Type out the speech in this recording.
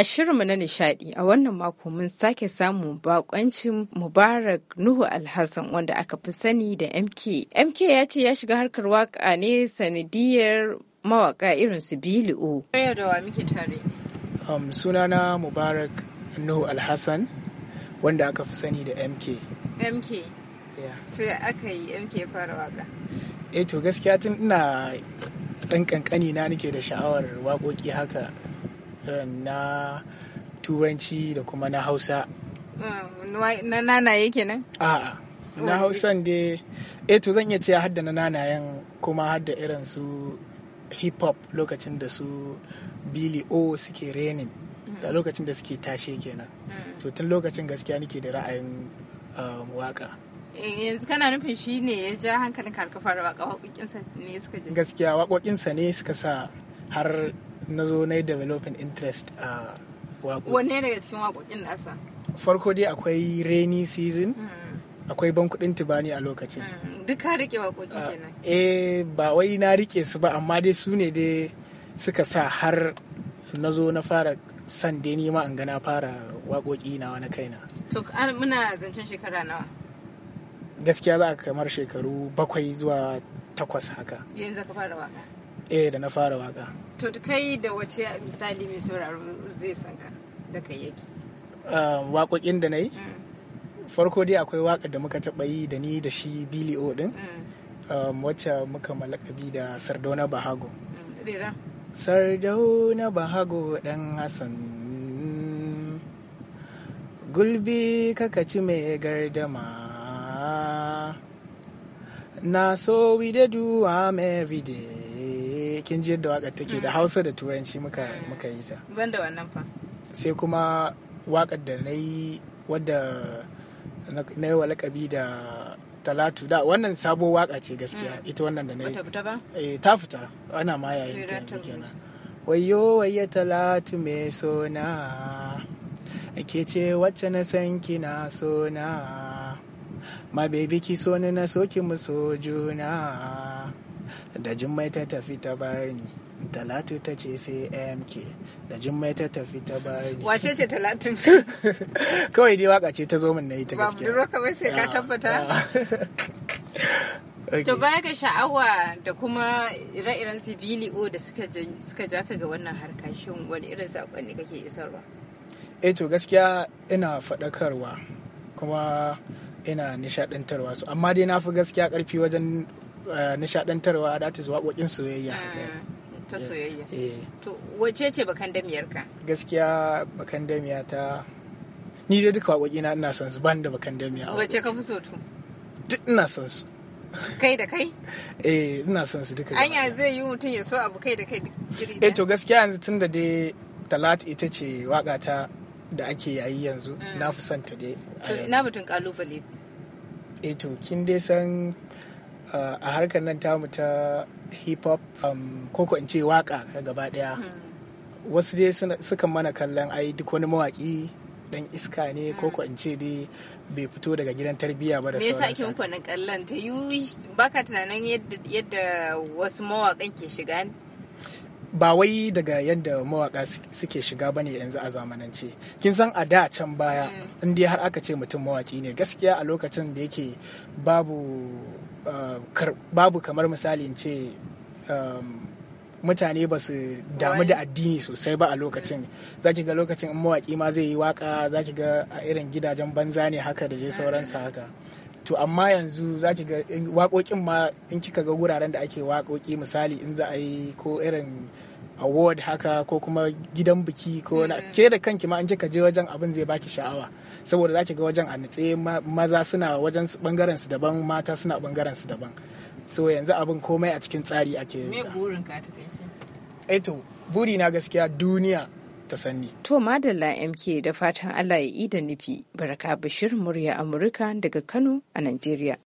A shirinmu na nishadi a wannan mako mun sake samun bakoncin Mubarak Nuhu Alhassan wanda aka fi sani da MK. MK ya ce ya shiga harkar waka ne sanadiyar mawaka irin su Bilu O. muke tare? Um, sunana Mubarak Nuhu Alhassan wanda aka fi sani da MK. MK? To ya aka yi MK fara waka? Eh to gaskiya tun ina ɗan ƙanƙani na nake da sha'awar waƙoƙi haka na turanci da kuma na hausa mm, na nanaye kenan a'a na hausan dai eh to zan iya ce da na nanayen kuma hadda irin su hip hop lokacin da su billy o suke renin da mm. lokacin da suke tashe kenan mm. to tun lokacin gaskiya nake da ra'ayin um, waka eh, yanzu kana nufin shi ne ya ja hankalin karkafar waka waƙoƙinsa ne suka je gaskiya waƙoƙinsa ne suka sa har na zo na yi developing interest a waƙo. wanne daga cikin waƙoƙin nasa farko dai akwai rainy season mm. akwai ban kuɗin tibani a lokacin mm. duk ka rike waƙoƙi ah, kenan eh ba wai na rike su ba amma dai su ne dai suka sa har na zo na fara san dai ni ma an gana fara waƙoƙi nawa na kaina to muna zancen shekara nawa gaskiya za a kamar shekaru bakwai zuwa takwas haka yanzu ka fara waƙa. eh da na fara waka to kai da wace misali mai sauraro zai san da kai yake um, waƙoƙin da na yi mm. farko dai akwai waka da muka taɓa yi da ni da shi bili o din mm. um, wacce muka malakabi da sardauna bahago mm. sardona bahago ɗan hassan gulbi kakaci mai gardama na so we dey do am every day kin ji yadda waƙar take da mm. hausa da turanci muka mm. muka yi ta banda wannan fa sai kuma wakar da na yi wadda na yi wa lakabi da talatu da wannan sabo waka ce gaskiya mm. ita wannan da na yi eh, ta fita ana ma yayin ta yanzu kenan wayo waye talatu me sona ke ce wacce na san kina sona ma bebi ki so na soki mu so juna da jummai ta tafi ta bayani ni talatu ta ce sai amk da jummai ta tafi ta bayani ni wace ce talatin kawai dai waka ce ta zo min na yi ta gaskiya ba ka bai sai ka ah, tabbata ah. to baya ga sha'awa da kuma ire-iren su bilio da suka ja ka ga wannan harkashin wani irin saƙonni kake isarwa eh to gaskiya ina faɗakarwa kuma ina nishaɗantarwa su amma dai na fi gaskiya ƙarfi wajen Eh, nishadantarwa ta zuwa waƙoƙin soyayya ah, ta soyayya to wace ce bakan damiyarka gaskiya bakan damiya ta ni dai duka waƙoƙi na ina son su ban da bakan damiya wace ka fi so to duk ina son su kai da kai eh ina son su duka anya zai yi mutum ya so abu kai da kai jiri eh to gaskiya yanzu tunda dai Talatu ita ce waka ta da ake yayi yanzu mm. na fi son ta dai to ina batun kalubale eh to kin dai san Uh, a harkar nan tamu ta hip hop um, ko ko in ce waka gaba daya hmm. wasu dai suka mana kallon ai duk wani mawaki dan iska ne ko ko in ce dai bai fito daga gidan tarbiyya ba da sauransu. Me yasa ake muku wannan kallon ta yi baka tunanin yadda wasu mawakan ke shiga ba wai daga yadda mawaka suke shiga ba ne yanzu a zamanance kin san a da can baya hmm. in dai har aka ce mutum mawaki ne gaskiya a lokacin da yake babu Uh, babu kamar misali in ce um, mutane ba su damu da addini sosai ba a lokacin za ga lokacin in mawaki ma zai yi waka za ga a irin gidajen banza ne haka da dai sauransa haka to amma yanzu za ga waƙoƙin ma in kika ga wuraren da ake waƙoƙi misali in za a yi ko irin award haka ko kuma gidan biki ko wani ke da kanki ma an je ka je wajen abin zai baki sha'awa saboda zaki ga wajen a nutse maza suna wajen bangaren su daban mata suna bangaren su daban so yanzu abin komai a cikin tsari ake yin sa eto buri na gaskiya duniya ta sanni to madalla mk da fatan Allah ya yi nufi baraka bashir murya amurka daga kano a nigeria